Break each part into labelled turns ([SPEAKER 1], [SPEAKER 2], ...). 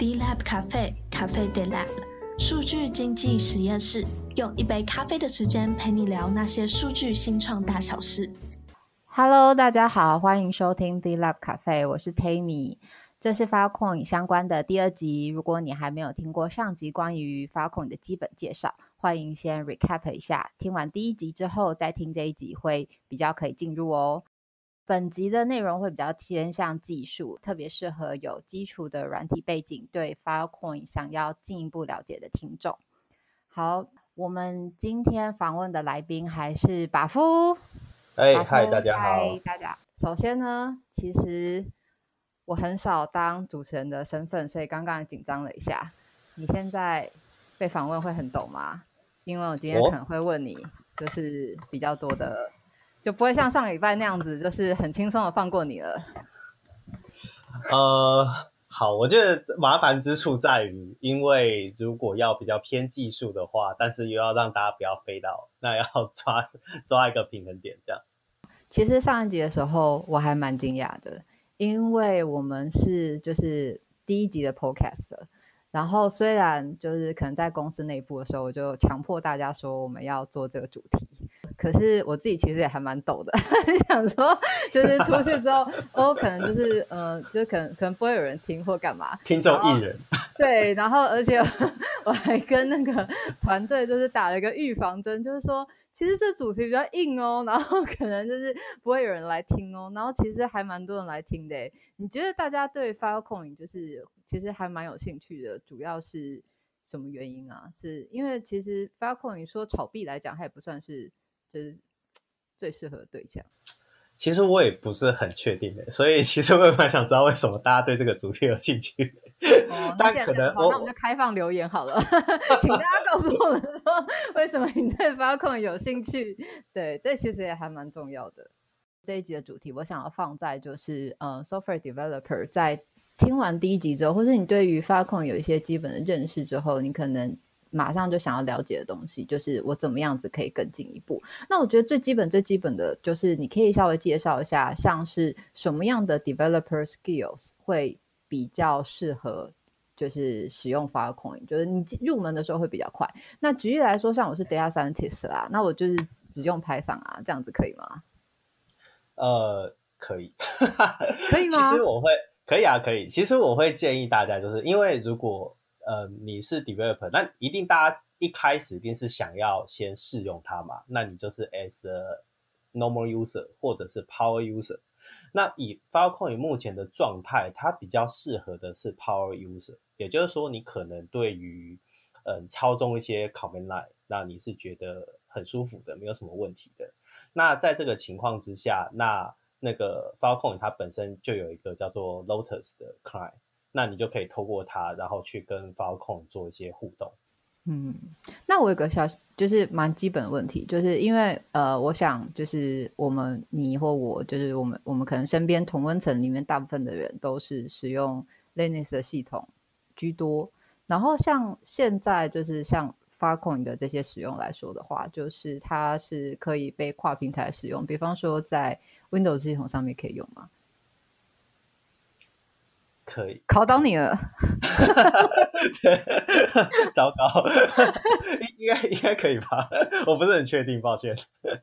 [SPEAKER 1] D Lab Cafe Cafe D Lab 數據經濟實驗室，用一杯咖啡的時間陪你聊那些數據新創大小事。Hello，大家好，歡迎收聽 D Lab Cafe，我是 Tammy，這是 Filecoin 相關的第二集。如果你還沒有聽過上集關於 Filecoin 的基本介紹，歡迎先 recap 一下。聽完第一集之後再聽這一集會比較可以進入哦。本集的內容會比較偏向技術，特別適合有基礎的軟體背景、對 Filecoin 想要進一步了解的聽眾。好，我們今天訪問的來賓還是巴夫。
[SPEAKER 2] 哎、欸，嗨，大家好。大
[SPEAKER 1] 家。首先呢，其實我很少當主持人的身份，所以剛剛緊張了一下。你現在被訪問會很懂嗎？因為我今天可能會問你，就是比較多的、哦。就不會像上禮拜那樣子，就是很輕鬆的放過你了。
[SPEAKER 2] 呃，好，我覺得麻煩之處在於，因為如果要比較偏技術的話，但是又要讓大家不要飛到，那要抓抓一個平衡點這樣。
[SPEAKER 1] 其實上一集的時候我還蠻驚訝的，因為我們是就是第一集的 Podcast，然後雖然就是可能在公司內部的時候，我就強迫大家說我們要做這個主題。可是我自己其實也還蠻抖的，想說就是出去之後， 哦，可能就是，嗯、呃，就是可能可能不會有人聽或幹嘛。聽眾藝人。對，然後而且我,我還跟那個團隊就是打了一個預防針，就是說其實這主題比較硬哦，然後可能就是不會有人來聽哦，然後其實還蠻多人來聽的。你覺得大家對 Filecoin 就是其實還蠻有興趣的，主要是什麼原因啊？是因為其實 Filecoin 說炒幣來講，它也不算是。就是最適合的對象。
[SPEAKER 2] 其實我也不是很確定的，所以其實我也蠻想知道為什麼大家對這個主題有興趣。哦，但那
[SPEAKER 1] 可能好，哦，那我們就開放留言好了， 請大家告訴我們說為什麼你對 Filecoin 有興趣 對。對，這其實也還蠻重要的。這一集的主題我想要放在就是呃，Software Developer 在聽完第一集之後，或是你對於 Filecoin 有一些基本的認識之後，你可能。馬上就想要了解的東西，就是我怎麼樣子可以更進一步。那我覺得最基本、最基本的就是，你可以稍微介紹一下，像是什麼樣的 developer skills 會比較適合，就是使用 Filecoin，就是你入門的時候會比較快。那舉例來說，像我是 data scientist 啦、啊，那我就是只用 Python 啊，這樣子可以嗎？
[SPEAKER 2] 呃，可以， 可以嗎？其實我會可以啊，可以。其實我會建議大家，就是因為如果呃、嗯，你是 developer，那一定大家一開始一定是想要先試用它嘛，那你就是 as a normal user 或者是 power user。那以 Filecoin 目前的狀態，它比較適合的是 power user，也就是說你可能對於呃、嗯、操縱一些 command line，那你是覺得很舒服的，沒有什麼問題的。那在這個情況之下，那那個 Filecoin 它本身就有一個叫做 Lotus 的 client。那你就可以透過它，然後去跟 Filecoin 做一些互動。
[SPEAKER 1] 嗯，那我有個小，就是蠻基本的問題，就是因為呃，我想就是我們你或我，就是我們我們可能身邊同溫層裡面大部分的人都是使用 Linux 的系統居多。然後像現在就是像 Filecoin 的這些使用來說的話，就是它是可以被跨平台使用，比方說在 Windows 系統上面可以用嗎？可以，考到你了
[SPEAKER 2] 糟糕，應該應該可以吧？我不是很確定，抱歉。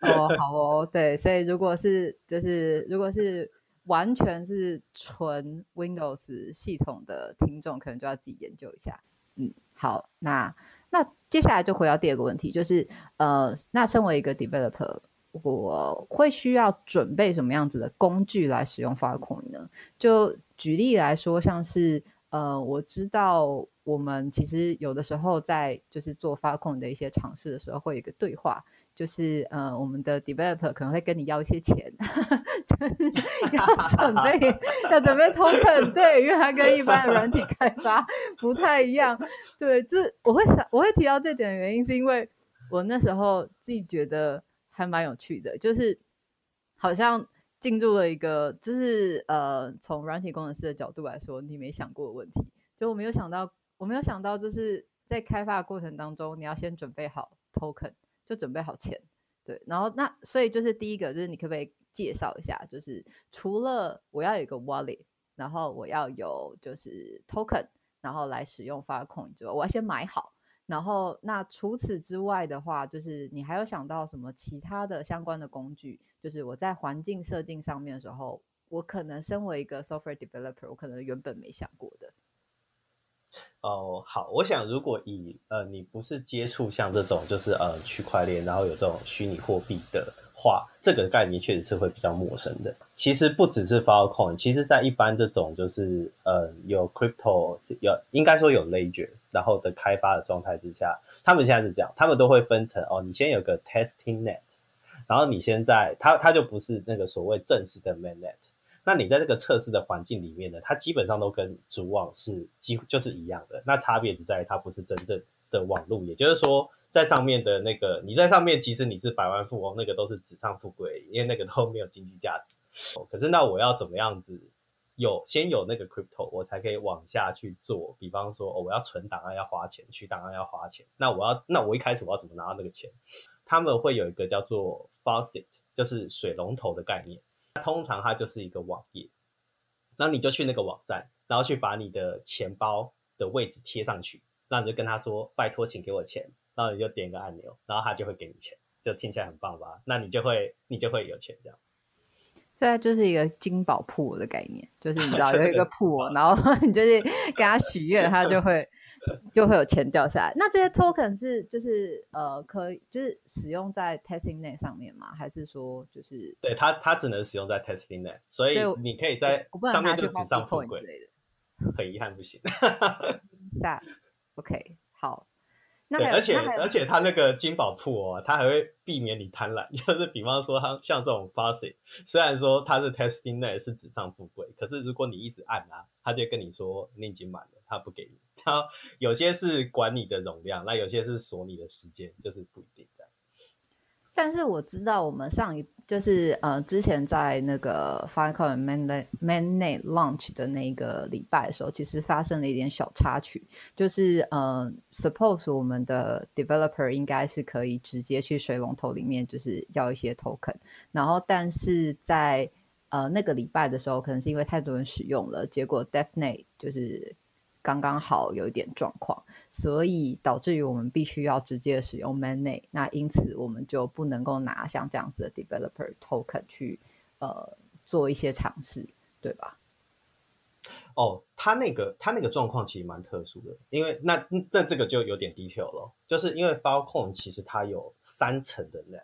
[SPEAKER 2] 哦，好哦，
[SPEAKER 1] 對，所以如果是就是如果是完全是純 Windows 系統的聽眾，可能就要自己研究一下。嗯，好，那那接下來就回到第二個問題，就是呃，那身為一個 developer，我會需要準備什麼樣子的工具來使用 Filecoin 呢？就舉例來說，像是呃，我知道我們其實有的時候在就是做發控的一些嘗試的時候，會有一個對話，就是呃，我們的 developer 可能會跟你要一些錢，呵呵就是、要準備 要準備 token， token，對，因為它跟一般的軟體開發不太一樣，對，就是我會想我會提到這點的原因，是因為我那時候自己覺得還蠻有趣的，就是好像。進入了一個，就是呃，從軟體工程師的角度來說，你沒想過的問題，就我沒有想到，我沒有想到，就是在開發的過程當中，你要先準備好 token，就準備好錢，對，然後那所以就是第一個，就是你可不可以介紹一下，就是除了我要有一個 wallet，然後我要有就是 token，然後來使用 Filecoin 之外，我要先買好。然後，那除此之外的話，就是你還有想到什麼其他的相關的工具？就是我在環境設定上面的時候，我可能身為一個 software developer，我可能原本沒想過的。
[SPEAKER 2] 哦，好，我想如果以呃，你不是接觸像這種就是呃區塊鏈，然後有這種虛擬貨幣的。話這個概念確實是會比較陌生的。其實不只是 Filecoin，其實在一般這種就是呃有 Crypto，有應該說有 Ledger，然後的開發的狀態之下，他們現在是這樣，他們都會分成哦，你先有個 Testing Net，然後你現在它，它就不是那個所謂正式的 Main Net。那你在這個測試的環境裡面呢，它基本上都跟主網是幾乎就是一樣的，那差別只在於它不是真正的網絡，也就是說。在上面的那個，你在上面，其實你是百萬富翁，那個都是紙上富貴，因為那個都沒有經濟價值。哦，可是那我要怎麼樣子有先有那個 crypto，我才可以往下去做？比方說，哦，我要存檔案，要花錢去檔案，要花錢。那我要，那我一開始我要怎麼拿到那個錢？他們會有一個叫做 faucet，就是水龍頭的概念。通常它就是一個網頁，那你就去那個網站，然後去把你的錢包的位置貼上去，那你就跟他說：“拜託，請給我錢。”然後你就點一個按鈕，然後他就會給你錢，就聽起來很棒吧？那你就會你就會有錢這樣。
[SPEAKER 1] 所以它就是一個金寶鋪的概念，就是你知道有、 就是、一個鋪,鋪，然後你就是給他許願， 他就會就會有錢掉下來。 那這些 token 是就是呃可以就是使用在 testing net 上面嗎？還是說
[SPEAKER 2] 就是對他他只能使用在 testing net，所以你可以在上面去紙上 point 之類的。 很遺憾，不行。
[SPEAKER 1] That OK 好。對，而且而且他
[SPEAKER 2] 那個金寶鋪哦，他還會避免你貪婪，就是比方說他像這種 faucet，雖然說它是 testing net 是紙上富貴，可是如果你一直按啊，他就跟你說你已經滿了，他不給你。它有些是管你的容量，那有些是鎖你的時間，就是不一定的。
[SPEAKER 1] 但是我知道我們上一。就是呃，之前在那個 Filecoin Mainnet Launch 的那個禮拜的時候，其實發生了一點小插曲。就是呃，suppose 我們的 developer 應該是可以直接去水龍頭裡面就是要一些 token，然後但是在呃那個禮拜的時候，可能是因為太多人使用了，結果 definite 就是。剛剛好有一點狀況，所以導致於我們必須要直接使用 mainnet 那因此我們就不能夠拿像這樣子的 developer
[SPEAKER 2] token 去呃做一些嘗
[SPEAKER 1] 試，對吧？
[SPEAKER 2] 哦，他那個他那個狀況其實蠻特殊的，因為那,那這個就有點 detail 了，就是因為 Filecoin 其實它有三層的 net，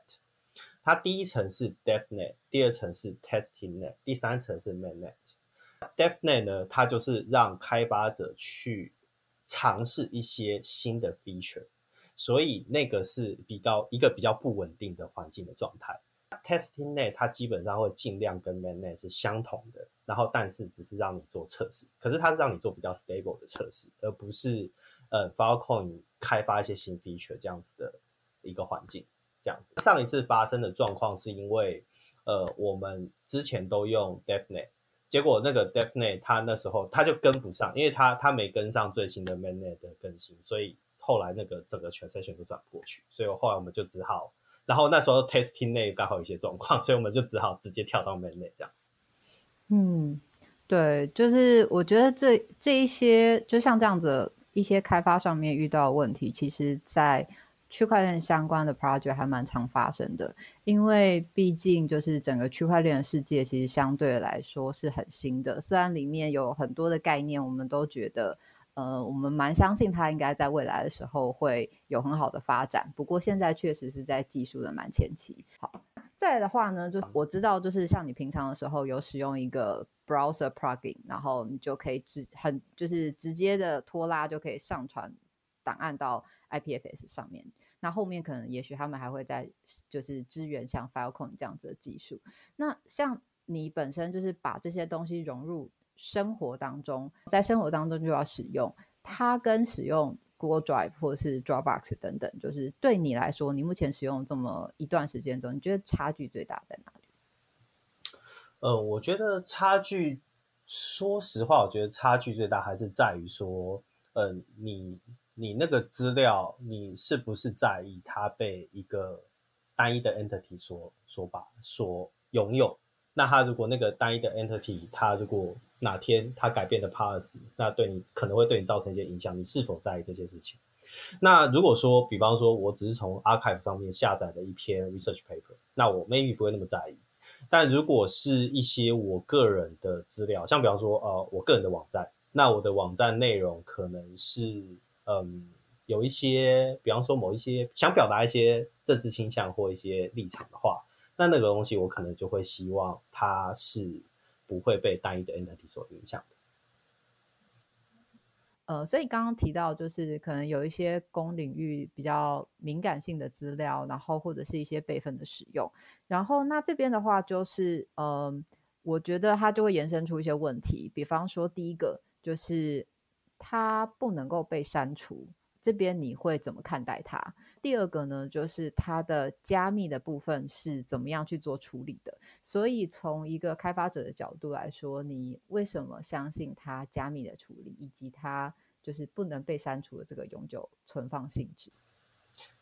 [SPEAKER 2] 它第一層是 devnet，第二層是 testing net，第三層是 mainnet Devnet 呢，它就是讓開發者去嘗試一些新的 feature，所以那個是比較一個比較不穩定的環境的狀態。Testingnet，它基本上會盡量跟 Mainnet 是相同的，然後但是只是讓你做測試，可是它是讓你做比較 stable 的測試，而不是呃 Filecoin 開發一些新 feature 這樣子的一個環境。這樣子。上一次發生的狀況是因為呃，我們之前都用 Devnet。結果那個 devnet 它那時候它就跟不上，因為它它沒跟上最新的 mainnet 的更新，所以後來那個整個 transaction 都轉不過去，所以後來我們就只好，然後那時候 testing 內剛好有些狀況，所以我們就只好直接跳到 mainnet 這樣。
[SPEAKER 1] 嗯，對，就是我覺得這這一些就像這樣子一些開發上面遇到問題，其實在。區塊鏈相關的 project 還蠻常發生的，因為畢竟就是整個區塊鏈的世界其實相對來說是很新的，雖然裡面有很多的概念，我們都覺得，呃，我們蠻相信它應該在未來的時候會有很好的發展。不過現在確實是在技術的蠻前期。好，再來的話呢，就我知道就是像你平常的時候有使用一個 browser plugin，然後你就可以直很就是直接的拖拉就可以上傳檔案到 IPFS 上面。那後面可能，也許他們還會再就是支援像 Filecoin 這樣子的技術。那像你本身就是把這些東西融入生活當中，在生活當中就要使用它。跟使用 Google Drive 或是 Dropbox 等等，就是對你來說，你目前使用這麼一段時間中，你覺得差距最大在哪裡？
[SPEAKER 2] 呃，我覺得差距，說實話，我覺得差距最大還是在於說，嗯、呃，你。你那個資料，你是不是在意它被一個單一的 entity 所、所把、所擁有？那它如果那個單一的 entity，它如果哪天它改變的 policy，那對你可能會對你造成一些影響。你是否在意這些事情？那如果說，比方說，我只是從 archive 上面下載了一篇 research paper，那我 maybe 不會那麼在意。但如果是一些我個人的資料，像比方說，呃，我個人的網站，那我的網站內容可能是。嗯，有一些，比方說某一些想表達一些政治傾向或一些立場的話，那那個東西我可能就會希望它是不會被單一的 entity 所影響的。
[SPEAKER 1] 呃，所以剛剛提到就是可能有一些公領域比較敏感性的資料，然後或者是一些備份的使用，然後那這邊的話就是，呃，我覺得它就會延伸出一些問題，比方說第一個就是。它不能夠被刪除，這邊你會怎麼看待它？第二個呢，就是它的加密的部分是怎麼樣去做處理的？所以從一個開發者的角度來說，你為什麼相信它加密的處理，以及它就是不能被刪除的這個永久存放性質？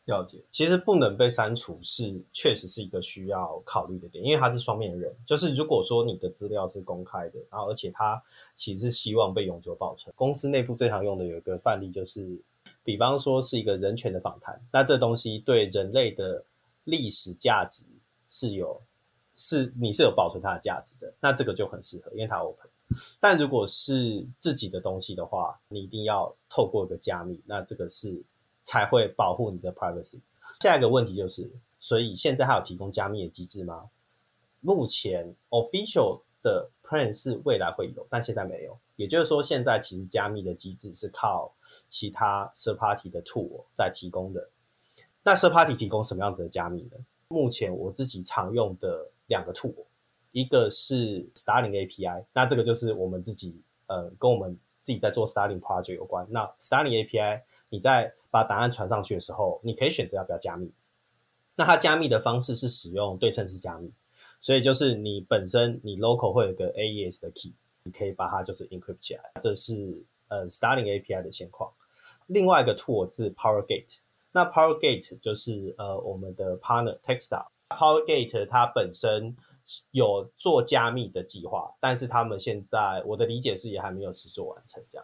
[SPEAKER 2] 了解，其實不能被刪除是確實是一個需要考慮的點，因為它是雙面人。就是如果說你的資料是公開的，然後而且它其實是希望被永久保存。公司內部最常用的有一個範例，就是比方說是一個人權的訪談，那這東西對人類的歷史價值是有，是你是有保存它的價值的，那這個就很適合，因為它 open。但如果是自己的東西的話，你一定要透過一個加密，那這個是。才會保護你的 privacy。下一個問題就是，所以現在還有提供加密的機制嗎？目前 official 的 plan 是未來會有，但現在沒有。也就是說，現在其實加密的機制是靠其他 third party 的 tool、哦、在提供的。那 third party 提供什麼樣子的加密呢？目前我自己常用的兩個 tool，一個是 Starling API，那這個就是我們自己呃跟我們自己在做 Starling project 有關。那 Starling API。你在把檔案傳上去的時候，你可以選擇要不要加密。那它加密的方式是使用對稱式加密，所以就是你本身你 local 會有個 AES 的 key，你可以把它就是 encrypt 起來。這是呃 Starling API 的現況。另外一個 tool 是 PowerGate，那 PowerGate 就是呃我們的 partner Textile，PowerGate 它本身有做加密的計劃，但是他們現在我的理解是也還沒有實作完成這樣。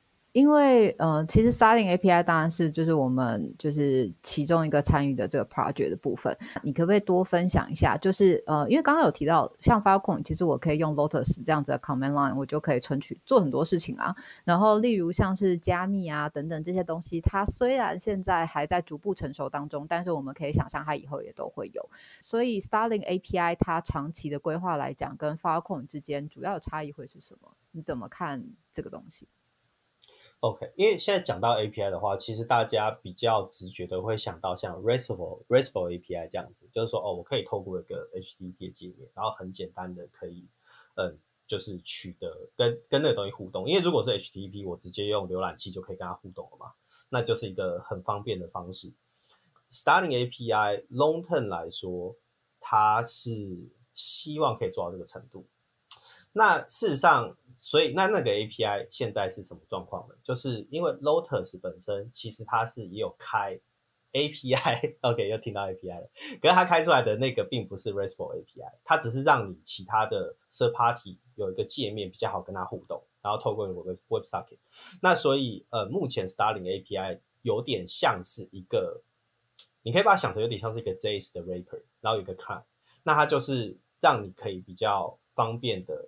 [SPEAKER 1] 因為，嗯、呃，其實 Starling API 當然是就是我們就是其中一個參與的這個 project 的部分。你可不可以多分享一下？就是，呃，因為剛剛有提到，像 Filecoin 其實我可以用 Lotus 這樣子的 command line，我就可以存取做很多事情啊。然後，例如像是加密啊等等這些東西，它雖然現在還在逐步成熟當中，但是我們可以想象它以後也都會有。所以，Starling API 它長期的規劃來講，跟 Filecoin 之間主要差異會是什麼？你怎麼看這個東
[SPEAKER 2] 西？OK，因為現在講到 API 的話，其實大家比較直覺的會想到像 RESTful、RESTful API 這樣子，就是說哦，我可以透過一個 HTTP 的界面，然後很簡單的可以，嗯，就是取得跟跟那個東西互動。因為如果是 HTTP，我直接用瀏覽器就可以跟它互動了嘛，那就是一個很方便的方式。Starling API, long term 來說，它是希望可以做到這個程度。那事實上，所以那那個 API 現在是什麼狀況呢？就是因為 Lotus 本身其實它是也有開 API，OK、 okay, 又聽到 API 了。可是它開出來的那個並不是 RESTful API，它只是讓你其他的 third party 有一個界面比較好跟它互動，然後透過我的 Web Socket。那所以呃，目前 Starling API 有點像是一個，你可以把它想成有點像是一個 JS 的 wrapper，然後有個 Clan，那它就是讓你可以比較方便的。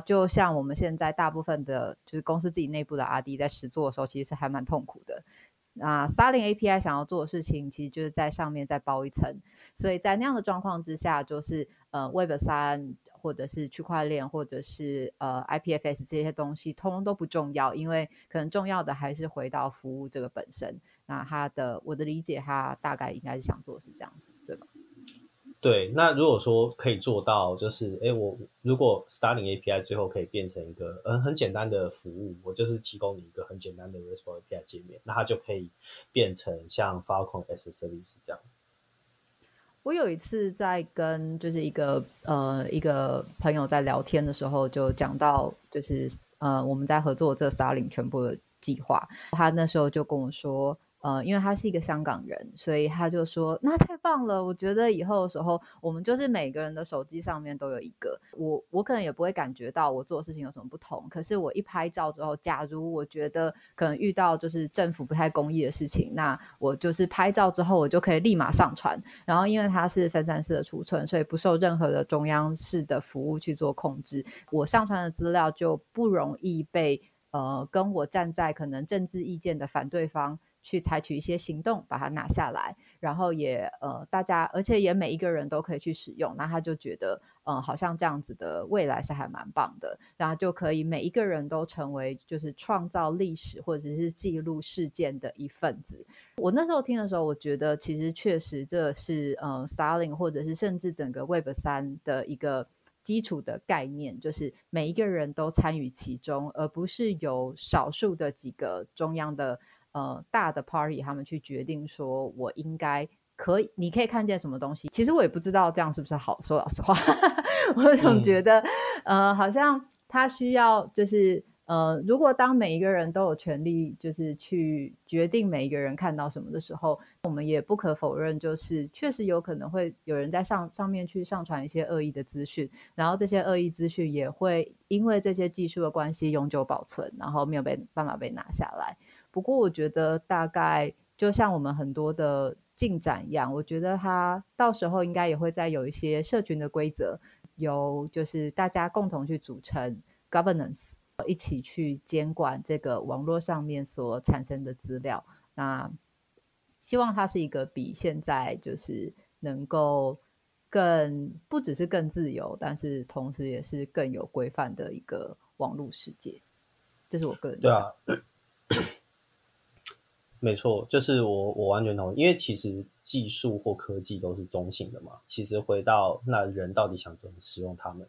[SPEAKER 1] 就像我們現在大部分的，就是公司自己內部的 R D 在實做的時候，其實是還蠻痛苦的。那 Starling A P I 想要做的事情，其實就是在上面再包一層。所以在那樣的狀況之下，就是呃 Web 三，Web3，或者是區塊鏈，或者是呃 I P F S 這些東西，通通都不重要，因為可能重要的還是回到服務這個本身。那他的我的理解，他大概應該是想做的是這樣子。
[SPEAKER 2] 對，那如果說可以做到，就是哎，我如果 Starling API 最後可以變成一個呃很簡單的服務，我就是提供你一個很簡單的 RESTful API 界面，那它就可以變成像 Filecoin as a Service 這樣。
[SPEAKER 1] 我有一次在跟就是一個呃一個朋友在聊天的時候，就講到就是呃我們在合作這 Starling 全部的計劃，他那時候就跟我說。呃，因為他是一個香港人，所以他就說：“那太棒了！我覺得以後的時候，我們就是每個人的手機上面都有一個。我我可能也不會感覺到我做的事情有什麼不同，可是我一拍照之後，假如我覺得可能遇到就是政府不太公義的事情，那我就是拍照之後，我就可以立馬上傳。然後因為它是分散式的儲存，所以不受任何的中央式的服務去做控制。我上傳的資料就不容易被呃，跟我站在可能政治意見的反對方。”去採取一些行動把它拿下來，然後也呃大家，而且也每一個人都可以去使用。那他就覺得，嗯、呃，好像這樣子的未來是還蠻棒的，然後就可以每一個人都成為就是創造歷史或者是記錄事件的一份子。我那時候聽的時候，我覺得其實確實這是呃，Starling 或者是甚至整個 Web 三的一個基礎的概念，就是每一個人都參與其中，而不是有少數的幾個中央的。呃，大的 party，他們去決定說，我應該可以，你可以看見什麼東西。其實我也不知道這樣是不是好。說老實話， 我總覺得、嗯，呃，好像他需要就是，呃，如果當每一個人都有權利，就是去決定每一個人看到什麼的時候，我們也不可否認，就是確實有可能會有人在上上面去上傳一些惡意的資訊，然後這些惡意資訊也會因為這些技術的關係永久保存，然後沒有被辦法被拿下來。不過，我覺得大概就像我們很多的進展一樣，我覺得它到時候應該也會再有一些社群的規則，由就是大家共同去組成 governance，一起去監管這個網絡上面所產生的資料。那希望它是一個比現在就是能夠更不只是更自由，但是同時也是更有規範的一個網絡世界。這是我個人的
[SPEAKER 2] 想法。對啊。 沒錯，就是我，我完全同意。因為其實技術或科技都是中性的嘛。其實回到那人到底想怎麼使用它們，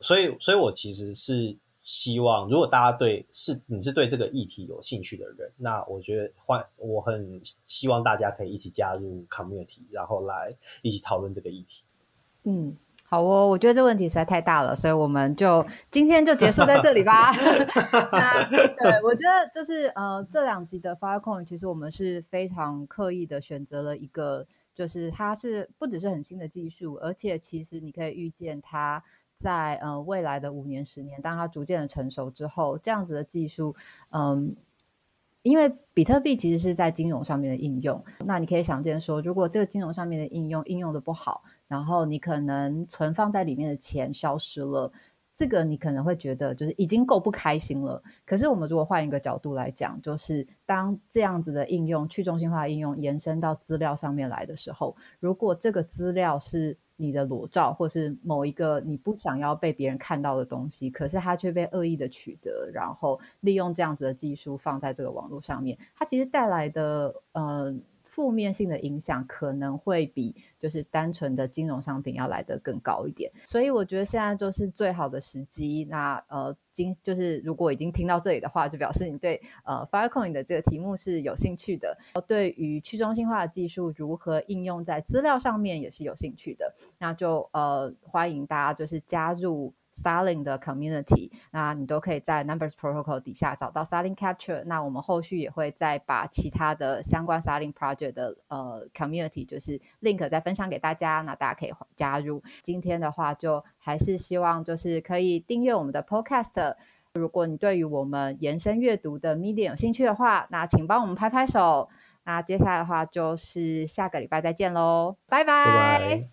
[SPEAKER 2] 所以，所以我其實是希望，如果大家對是你是對這個議題有興趣的人，那我覺得換，我很希望大家可以一起加入 community，然後來一起討論這個議題。嗯。
[SPEAKER 1] 好哦，我覺得這問題實在太大了，所以我們就今天就結束在這裡吧。哈，
[SPEAKER 2] 對，對我覺得就是
[SPEAKER 1] 呃，這兩集的 Filecoin 其實我們是非常刻意的選擇了一個，就是它是不只是很新的技術，而且其實你可以預見它在呃未來的五年、十年，當它逐漸的成熟之後，這樣子的技術，嗯、呃，因為比特幣其實是在金融上面的應用，那你可以想見說，如果這個金融上面的應用應用的不好。然後你可能存放在裡面的錢消失了，這個你可能會覺得就是已經夠不開心了。可是我們如果換一個角度來講，就是當這樣子的應用去中心化的應用延伸到資料上面來的時候，如果這個資料是你的裸照，或是某一個你不想要被別人看到的東西，可是它卻被惡意的取得，然後利用這樣子的技術放在這個網絡上面，它其實帶來的嗯。呃負面性的影響可能會比就是單純的金融商品要來得更高一點，所以我覺得現在就是最好的時機。那呃，今就是如果已經聽到這裡的話，就表示你對呃，FiCoin 的這個題目是有興趣的，對於去中心化技術如何應用在資料上面也是有興趣的，那就呃歡迎大家就是加入。Starling 的 Community，那你都可以在 Numbers Protocol 底下找到 Starling Capture。那我們後續也會再把其他的相關 Starling Project 的呃 Community 就是 Link 再分享給大家，那大家可以加入。今天的話，就還是希望就是可以訂閱我們的 Podcast。如果你對於我們延伸閱讀的 Medium 有興趣的話，那請幫我們拍拍手。那接下來的話，就是下個禮拜再見嘍，拜拜。拜拜。